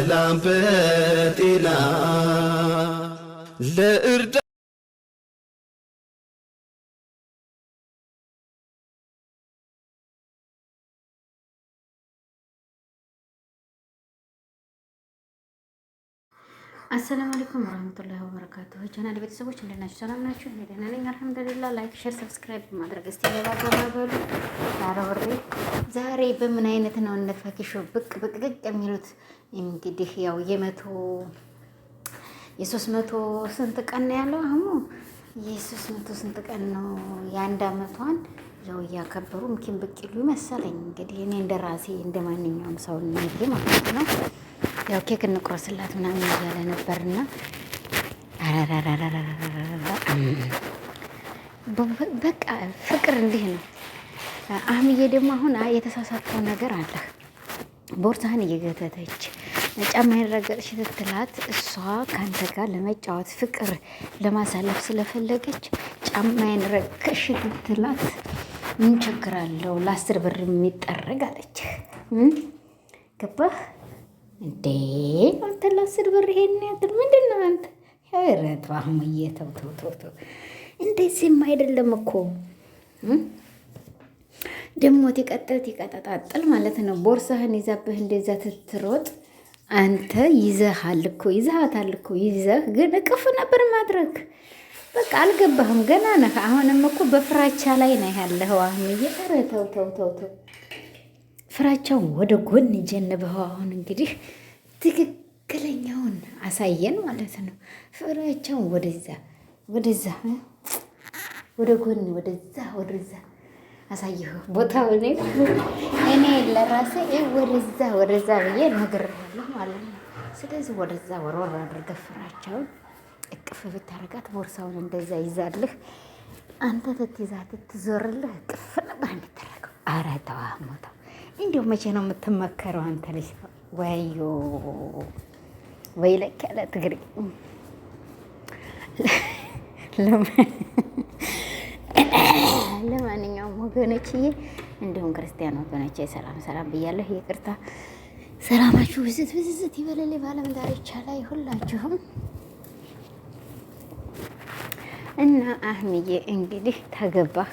በሰላም በጤና ለእርዳ አሰላሙ አለይኩም ወራህመቱላሂ ወበረካቱ። ቻናል ቤተሰቦች እንዴት ናችሁ? ሰላም ናችሁ? እኔ ደህና ነኝ አልሐምዱሊላህ። ላይክ፣ ሼር፣ ሰብስክራይብ ማድረግ እስቲ ለባባባሉ ታረወሬ ዛሬ በምን አይነት ነው እነ ፈኪሾ ብቅ ብቅ ብቅ የሚሉት? እንግዲህ ያው የመቶ የሶስት መቶ ስንት ቀን ነው ያለው አሁን የሶስት መቶ ስንት ቀን ነው የአንድ አመቷን ያው እያከበሩ ምኪን ብቅ ይሉ ይመሰለኝ። እንግዲህ እኔ እንደራሴ እንደማንኛውም ሰው ማለት ነው ያው ኬክ እንቁረስላት ምናምን እያለ ነበርና በቃ ፍቅር እንዲህ ነው። አህምዬ ደግሞ አሁን የተሳሳተው ነገር አለ። ቦርሳህን እየገተተች ጫማ ረገጥሽ ስትላት እሷ ከአንተ ጋር ለመጫወት ፍቅር ለማሳለፍ ስለፈለገች ጫማዬን ረገጥሽ ስትላት ምን ችግር አለው? ለአስር ብር የሚጠረግ አለች። ገባህ? እንዴ አልተላ አስር ብር ይሄን ያክል ምንድን ነው አንተ? ረቱ አህሙዬ ተው ተው ተው ተው። እንደዚህም አይደለም እኮ ደግሞ ትቀጥል ትቀጠጣጥል ማለት ነው። ቦርሳህን ይዛብህ እንደዛ ትትሮጥ አንተ ይዘሃል እኮ ይዘሃታል እኮ ይዘህ ግን እቅፍ ነበር ማድረግ በቃ አልገባህም። ገና ነህ። አሁንም እኮ በፍራቻ ላይ ነው ያለኸው አህሙዬ። ኧረ ተው ተው ተው ተው ፍራቻውን ወደ ጎን ጀንበው አሁን እንግዲህ ትክክለኛውን አሳየን ማለት ነው። ፍራቻውን ወደዛ ወደዛ ወደ ጎን ወደዛ ወደዛ አሳየሁ ቦታው ላይ እኔ ለራሴ ወደዛ ወደዛ ብዬ ነግሬያለሁ ማለት ነው። ስለዚህ ወደዛ ወረወር አድርገ ፍራቻውን እቅፍ ብታረጋት ቦርሳውን እንደዛ ይዛልህ አንተ ትትይዛ ትትዞርልህ ቅፍ ነበር የሚደረገው። አረ ተው ሞተው እንዲሁ መቼ ነው የምትመከረው አንተ ልጅ? ወዮ ወይ ለክ ያለ ትግሬ ለማንኛውም ወገኖችዬ እንዲሁም ክርስቲያን ወገኖች ሰላም ሰላም ብያለሁ። ይቅርታ ሰላማችሁ ብዝት ብዝዝት ይበለል። በዓለም ዳርቻ ላይ ሁላችሁም እና አህምዬ እንግዲህ ተገባህ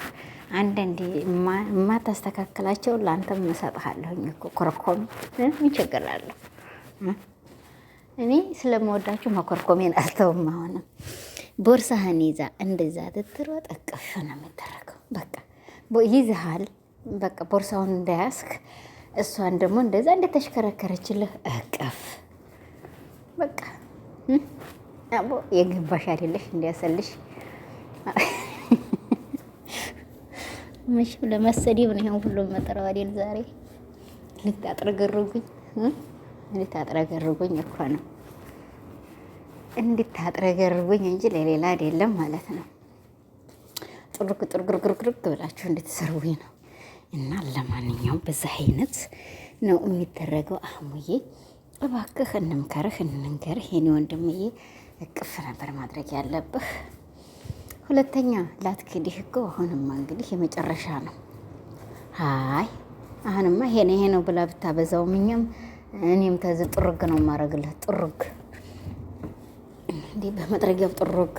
አንዳንዴ የማታስተካክላቸው ለአንተም እሰጥሃለሁኝ እኮ ኮርኮም ምን ችግር እኔ ስለምወዳችሁ መኮርኮሜን አልተውም። አሁንም ቦርሳህን ይዛ እንደዛ ትትሮጥ እቅፍ ነው የሚደረገው። በቃ ይዝሃል። በቃ ቦርሳውን እንዳያስክ እሷን ደግሞ እንደዛ እንደተሽከረከረችልህ እቅፍ በቃ አቦ የገባሽ አይደለሽ እንዲያሰልሽ መቼም ለመሰደብ ነው ይሄን ሁሉ መጠራው አይደል? ዛሬ ልታጥረገርጉኝ እንድታጥረገርጉኝ እኮ ነው እንድታጥረገርጉኝ እንጂ ለሌላ አይደለም ማለት ነው። ጥርግ ጥርግርግርግርግ ብላችሁ እንድትሰርቡኝ ነው። እና ለማንኛውም በዛ አይነት ነው የሚደረገው። አህሙዬ እባክህ እንምከርህ፣ እንንገርህ የኔ ወንድምዬ፣ እቅፍ ነበር ማድረግ ያለብህ። ሁለተኛ ላትክዲህ እኮ አሁንማ እንግዲህ የመጨረሻ ነው። አይ አሁንማ ይሄ ነው ይሄ ነው ብላ ብታበዛው እኛም እኔም ተዝ ጥሩግ ነው ማረግልህ። ጥሩግ እንዲህ በመጥረጊያው ጥሩግ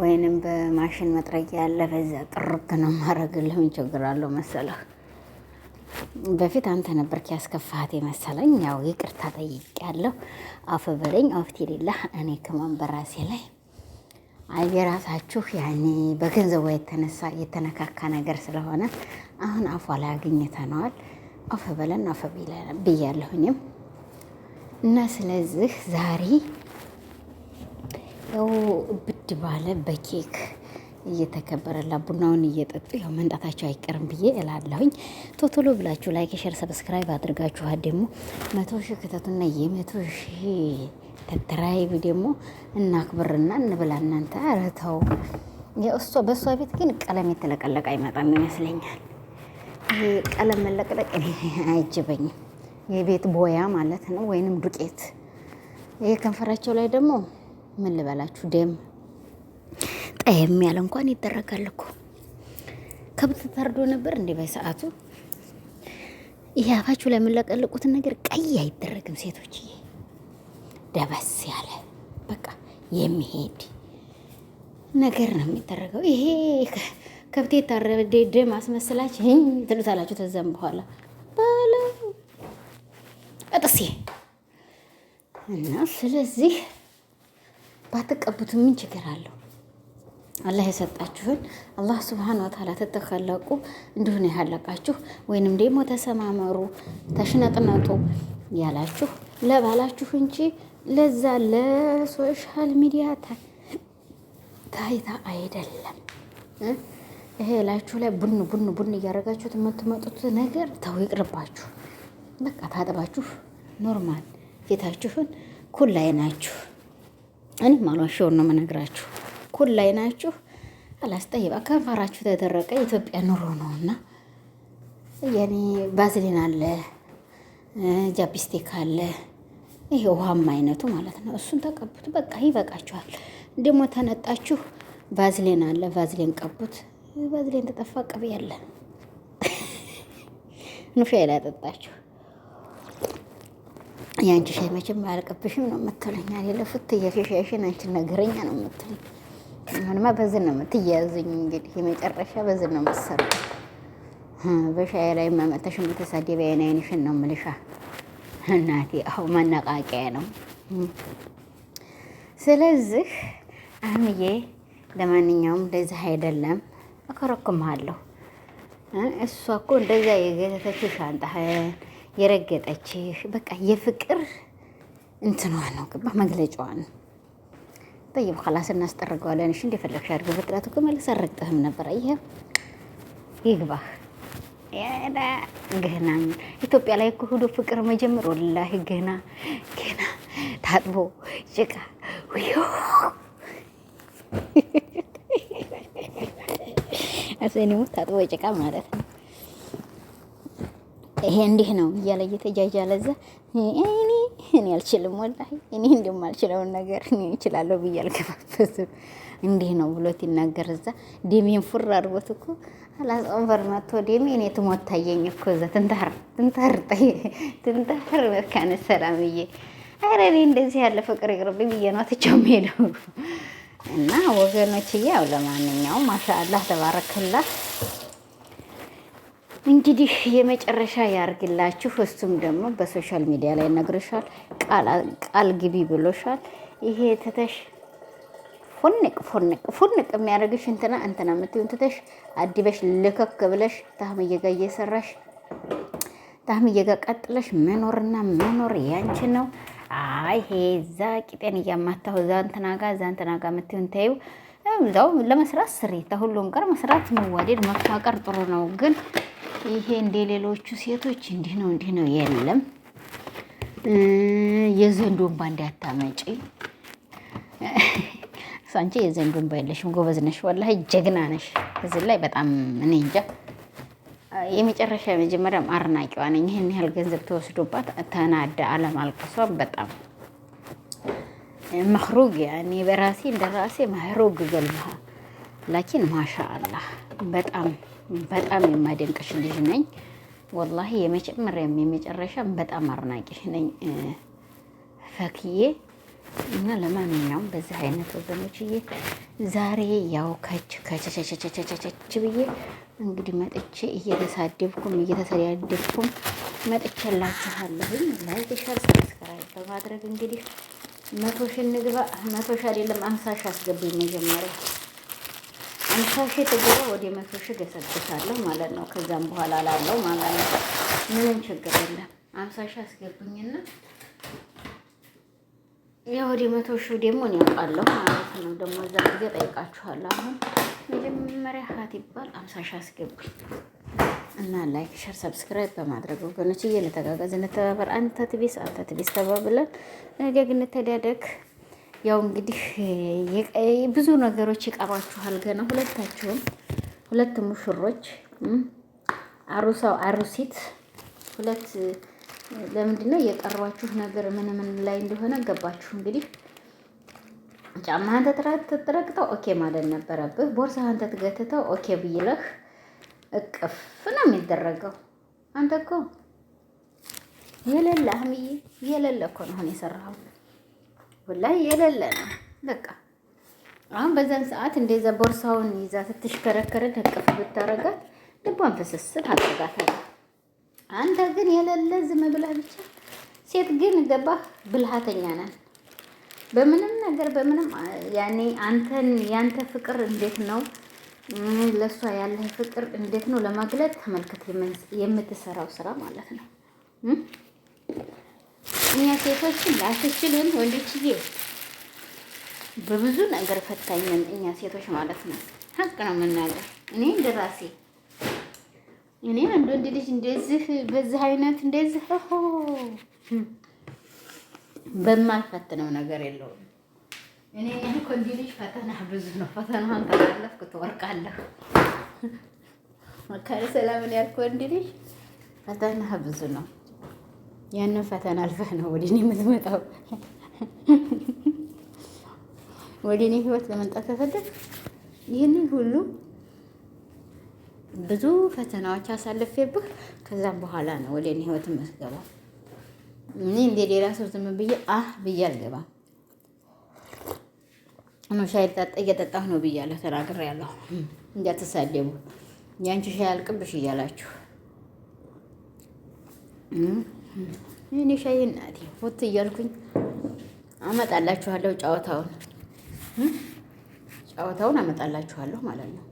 ወይንም በማሽን መጥረጊያ ያለ በዛ ጥሩግ ነው ማረግልህ። ምን ችግር አለው መሰለህ? በፊት አንተ ነበርክ ያስከፋት የመሰለኝ። ያው ይቅርታ ጠይቄያለሁ። አፈ በለኝ። አፍት የሌለህ እኔ ከማን በራሴ ላይ የራሳችሁ ያኔ በገንዘቧ የተነሳ የተነካካ ነገር ስለሆነ አሁን አፏ ላይ አግኝተነዋል። አፈ በለን አፈ ብያለሁኝም እና ስለዚህ ዛሬ ያው ብድ ባለ በኬክ እየተከበረላ ቡናውን እየጠጡ ያው መንጣታቸው አይቀርም ብዬ እላለሁኝ። ቶቶሎ ብላችሁ ላይክ፣ ሸር፣ ሰብስክራይብ አድርጋችኋል። ደግሞ መቶ ሺህ ክተቱና የመቶ ሺህ ተተራይብ ደግሞ እናክብርና እንብላ። እናንተ ኧረ ተው። የእሷ በእሷ ቤት ግን ቀለም የተለቀለቀ አይመጣም ይመስለኛል። ይሄ ቀለም መለቅለቅ አይጅበኝም። የቤት ቦያ ማለት ነው፣ ወይንም ዱቄት። ይሄ ከንፈራቸው ላይ ደግሞ ምን ልበላችሁ፣ ደም ጠየም ያለ እንኳን ይደረጋል እኮ። ከብት ተርዶ ነበር እንዴ በሰዓቱ? ይሄ አፋችሁ ላይ የምለቀልቁትን ነገር ቀይ አይደረግም ሴቶችዬ። ደበስ ያለ በቃ የሚሄድ ነገር ነው የሚደረገው። ይሄ ከብቴ የታረደ ማስመስላች ትሉታላችሁ። ተዛም በኋላ ባለ እጥሴ እና ስለዚህ ባትቀቡት ምን ችግር አለው? አላህ የሰጣችሁን አላህ ስብሓን ወተዓላ ተተከለቁ እንዲሁን ያለቃችሁ ወይንም ደግሞ ተሰማመሩ፣ ተሽነጥነጡ ያላችሁ ለባላችሁ እንጂ ለዛ ለሶሻል ሚዲያ ታይታ አይደለም። ይሄ ላችሁ ላይ ቡን ቡን ቡን እያደረጋችሁት የምትመጡት ነገር ተው ይቅርባችሁ። በቃ ታጥባችሁ ኖርማል ፊታችሁን ኩል ላይ ናችሁ። እኔ ማሏሽውን ነው የምነግራችሁ። ኩል ላይ ናችሁ። አላስጠይባ ከንፈራችሁ ተደረቀ። የኢትዮጵያ ኑሮ ነው እና የኔ ባዝሊን አለ፣ ጃፒስቲክ አለ ይሄ ውሃማ አይነቱ ማለት ነው። እሱን ተቀቡት፣ በቃ ይበቃችኋል። ደግሞ ተነጣችሁ ቫዝሌን አለ፣ ቫዝሌን ቀቡት። ቫዝሌን ተጠፋ ቅቤ ያለ ኑ ላይ ጠጣችሁ። የአንቺ ሻይ መቼም አያልቅብሽም ነው የምትለኝ። ለፍት የሻይሽን አንቺን ነገረኛ ነው የምትለኝ። አሁንማ በዝን ነው የምትያያዙኝ። እንግዲህ የመጨረሻ በዝን ነው የምትሰሩ። በሻይ ላይ ማመተሽ የምትሳደቢ አይን አይንሽን ነው የምልሻ እናቴ አሁ መነቃቂያ ነው። ስለዚህ አህምዬ ለማንኛውም እንደዚህ አይደለም እኮረኩምሃለሁ። እሷ እኮ እንደዛ የገተተችው ሻንጣህን የረገጠችህ በቃ የፍቅር እንትኗ ነው፣ ግባ መግለጫዋ ነው። ጠይብ ከላስ እናስጠርገዋለን። እሺ እንደፈለግሽ አድርገህ ፍጥረት እኮ መልስ አልረግጥህም ነበር። አየህ ይግባህ ግህና ኢትዮጵያ ላይ እኮ ፍቅር መጀመር ወላሂ ግህና ታጥቦ ጭቃ አሰኒው ታጥቦ ጭቃ ማለት ነው። ይሄ እንዲህ ነው እያለ እየተጃጃለ እዛ እኔ እኔ አልችልም ወላሂ እኔ እንደማልችለውን ነገር እኔ እችላለሁ ብዬ እንዲህ ነው ብሎት ይናገር። እዛ ደሜን ፉር አድርጎት እኮ አላስቀንበር መጥቶ ደሜ እኔ ትሞት ታየኝ እኮ እዛ ትንታር ትንታር ትንታር መካነ ሰላምዬ። አረ እኔ እንደዚህ ያለ ፍቅር ይቅርብኝ ብዬ ነው ትቼው የምሄደው። እና ወገኖችዬ ያው ለማንኛውም ማሻአላህ ተባረከላህ። እንግዲህ የመጨረሻ ያርግላችሁ። እሱም ደግሞ በሶሻል ሚዲያ ላይ ነግርሻል፣ ቃል ግቢ ብሎሻል። ይሄ ትተሽ ፉንቅ ፉንቅ ፉንቅ የሚያደርግሽ እንትና እንትና የምትይውን ትተሽ አዲበሽ ልከክ ብለሽ ታህምዬ ጋ እየሰራሽ ታህምዬ ጋ ቀጥለሽ መኖርና መኖር ያንቺ ነው። አይ ሄዛ ቂጤን እያማታሁ እዛ እንትና ጋ እዛ እንትና ጋ የምትይውን ተይው። እዛው ለመስራት ስሪ። ተሁሉም ጋር መስራት መዋደድ መፋቀር ጥሩ ነው። ግን ይሄ እንደ ሌሎቹ ሴቶች እንዲህ ነው እንዲህ ነው የለም። የዘንዶን ባንድ አታመጪ አንቺ የዘንዱን ባይለሽም ጎበዝ ነሽ፣ ወላሂ ጀግና ነሽ። እዚህ ላይ በጣም እኔ እንጃ የመጨረሻ የመጀመሪያም አርናቂዋ ነኝ። ይህን ያህል ገንዘብ ተወስዶባት ተናዳ አለማልቀሷን በጣም መክሩግ ያኔ በራሴ እንደ ራሴ መህሩግ ገልብሃ ላኪን ማሻ አላህ በጣም በጣም የማደንቅሽ ልጅ ነኝ። ወላሂ የመጨመሪያም የመጨረሻም በጣም አርናቂሽ ነኝ ፈክዬ እና ለማንኛውም በዚህ አይነት ወገኖችዬ ዛሬ ያው ከች ከቸቸቸቸቸቸች ብዬ እንግዲህ መጥቼ እየተሳደብኩም እየተሰዳደብኩም መጥቼላችኋለሁኝ። ላይክ፣ ሸር፣ ሰብስክራይብ በማድረግ እንግዲህ መቶ ሺ እንግባ። መቶ ሺ አይደለም አምሳ ሺ አስገቡኝ መጀመሪያ አምሳ ሺ ትግባ ወደ መቶ ሺ ገሰግሳለሁ ማለት ነው። ከዛም በኋላ ላለው ማለት ነው ምንም ችግር የለም። አምሳ ሺ አስገብኝና የወደ መቶ ሺህ ደግሞ እኔ አውቃለሁ ማለት ነው። ደግሞ እዛ ጊዜ ጠይቃችኋለሁ። አሁን መጀመሪያ ሀት ይባል አምሳ ሺህ አስገቡኝ እና ላይክ፣ ሸር፣ ሰብስክራይብ በማድረግ ወገኖች እየ እንተጋገዝ፣ እንተባበር። አንተ ትቢስ አንተ ትቢስ ተባብለን ነገግ እንተዳደግ። ያው እንግዲህ ብዙ ነገሮች ይቀሯችኋል ገና ሁለታችሁም ሁለት ሙሽሮች አሩሳው አሩሲት ሁለት ለምንድነው የቀሯችሁ ነገር ምን ምን ላይ እንደሆነ ገባችሁ እንግዲህ ጫማህን ተጥረቅጠው ኦኬ ማለት ነበረብህ። ቦርሳህን ትገትተው ኦኬ ብይለህ እቅፍ ነው የሚደረገው። አንተ እኮ የሌለ አህምዬ የሌለ እኮ ነው አሁን የሰራኸው፣ ወላሂ የሌለ ነው በቃ። አሁን በዛን ሰዓት እንደዛ ቦርሳውን ይዛ ስትሽከረከርን እቅፍ ብታረጋት ልቧን ፍስስን አድርጋታለህ። አንተ ግን የሌለ ዝም ብለህ ብቻ ሴት ግን ገባህ፣ ብልሃተኛ ናት። በምንም ነገር በምንም ያኔ አንተን ያንተ ፍቅር እንዴት ነው ለእሷ ያለህ ፍቅር እንዴት ነው ለማግለጥ ተመልከት፣ የምትሰራው ስራ ማለት ነው። እኛ ሴቶችን አትችልም፣ ወንዶችዬ በብዙ ነገር ፈታኝን እኛ ሴቶች ማለት ነው። ሀቅ ነው የምናገር እኔ እንደራሴ እኔ አንድ ወንድ ልጅ እንደዚህ በዚህ አይነት እንደዚህ ሆ በማልፈትነው ነገር የለውም። እኔ እኮ ወንድ ልጅ ፈተና ብዙ ነው። ፈተናውን ተላለፍክ ትወርቃለህ። መካሪ ሰላምን ያልክ ወንድ ልጅ ፈተና ብዙ ነው። ያንን ፈተና አልፈህ ነው ወደ እኔ የምትመጣው። ወደ እኔ ህይወት ለመምጣት ተፈለግ ይህንን ሁሉ ብዙ ፈተናዎች አሳልፌብህ ከዛም በኋላ ነው ወደ እኔ ህይወት የምትገባው። እኔ እንደ ሌላ ሰው ዝም ብዬ አህ ብዬ አልገባም። ነው ሻይ ጠጣ እየጠጣሁ ነው ብያለሁ፣ ያለሁ እንዳትሳደቡ ያንቺ ሻይ አልቅብሽ እያላችሁ እኔ ሻይ እናቴ ወጥ እያልኩኝ አመጣላችኋለሁ። ጨዋታውን ጨዋታውን አመጣላችኋለሁ ማለት ነው።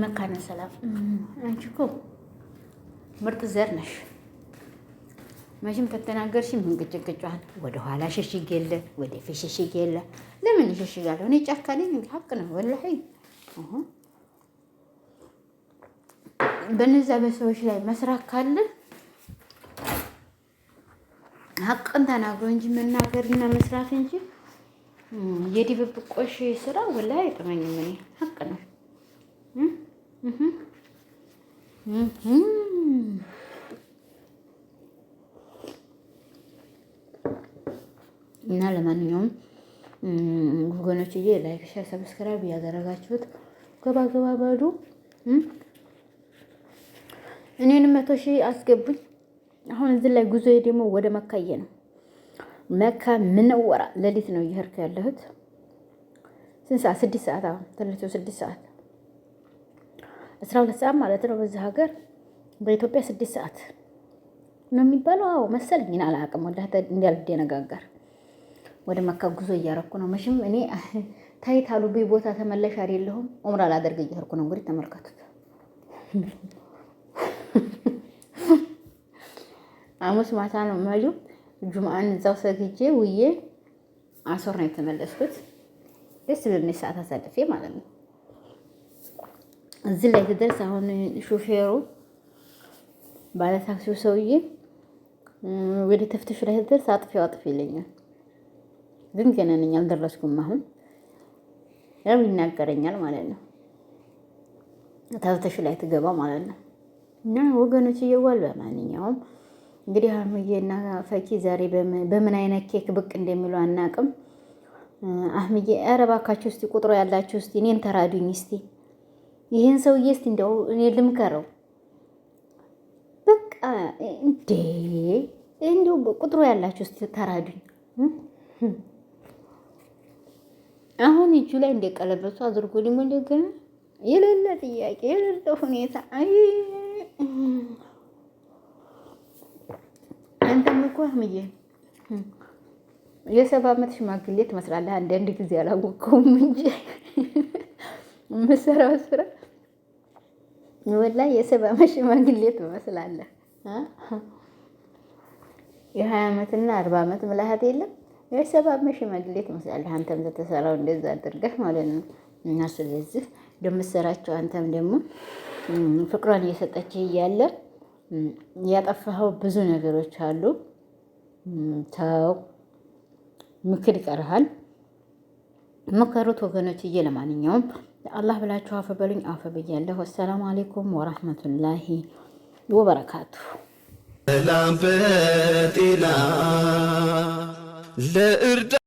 መካነ ሰላም አንቺ እኮ ምርጥ ዘር ነሽ። መቼም ከተናገርሽ ምን ግጭግጫዋን ወደኋላ ሸሽግ የለ ወደፊት ሸሽግ የለ። ለምን እሸሽጋለሁ? እኔ ጫካ ነኝ። ሀቅ ነው ወላሂ። በነዛ በሰዎች ላይ መስራት ካለ ሀቅን ተናግሮ እንጂ መናገርና መስራት እንጂ የድብብቆሽ ስራ ወላሂ አይጥመኝም። እኔ ሀቅ ነው። እና ለማንኛውም ወገኖችዬ ላይክ፣ ሼር፣ ሰብስክራይብ ያደረጋችሁት ገባ ገባ በሉ። እኔንም መቶ ሺህ አስገቡኝ። አሁን እዚህ ላይ ጉዞዬ ደግሞ ወደ መካዬ ነው። መካ ምነወራ ሌሊት ነው እየሄድኩ ያለሁት። ስንት ሰዓት? ስድስት ሰዓት አሁን ተለቶ ስድስት ሰዓት አስራ ሁለት ሰዓት ማለት ነው በዚህ ሀገር በኢትዮጵያ ስድስት ሰዓት ነው የሚባለው። አዎ መሰለኝ አላውቅም። ወላ እንዳልደነጋገር ወደ መካ ጉዞ እያረኩ ነው። መቼም እኔ ታይት አሉቤ ቦታ ተመላሽ አይደለሁም። ኦምራ ላደርግ እያልኩ ነው። እንግዲህ ተመልከቱት። ሐሙስ ማታ ነው መሪው ጁምአን እዛው ሰግጄ ውዬ አሶር ነው የተመለስኩት። ደስ በሚል ሰዓት አሳልፌ ማለት ነው። እዚህ ላይ ትደርስ አሁን ሹፌሩ ባለ ታክሲው ሰውዬ ወደ ተፍትሹ ላይ ትደርስ አጥፌው አጥፊ ይለኛል። ግን ገና ነኝ አልደረስኩም። አሁን ያው ይናገረኛል ማለት ነው። ተፍትሹ ላይ ትገባ ማለት ነው እና ወገኖች እየዋል በማንኛውም እንግዲህ አህምዬና ፈኪ ዛሬ በምን አይነት ኬክ ብቅ እንደሚሉ አናቅም። አህምዬ ኧረ እባካችሁ እስቲ ያላቸው ያላችሁ እስቲ እኔን ተራዱኝ እስቲ ይህን ሰውዬ እስቲ እንደው እኔ ልምከረው በቃ እንዴ እንዲሁ ቁጥሮ ያላችሁ እስቲ ተራዱኝ። አሁን እጁ ላይ እንደ ቀለበቱ አድርጎ ደግሞ እንደገና የሌለ ጥያቄ የሌለ ሁኔታ አንተም እኮ አህምዬ የሰባ ዓመት ሽማግሌ ትመስላለህ። አንዳንድ ጊዜ አላወቀውም እንጂ የምሰራው ስራ ወላሂ የሰባ ዓመት ሽማግሌ ትመስላለህ። የሀያ ዓመትና አርባ ዓመት ምልሀት የለም። የሰባ ዓመት ሽማግሌ ትመስላለህ። አንተም ስትሰራው እንደዛ አድርገህ ማለት ነው እና ስለዚህ እንደምትሰራቸው አንተም ደግሞ ፍቅሯን እየሰጠችህ እያለ ያጠፋኸው ብዙ ነገሮች አሉ። ተው፣ ምክር ይቀርሃል። ሞከሩት ወገኖችዬ። ለማንኛውም ለአላህ ብላችሁ አፈ በሉኝ። አፈ ብያለሁ። አሰላሙ አሌይኩም ወራህመቱላሂ ወበረካቱ። ሰላም በጤና ለእርዳ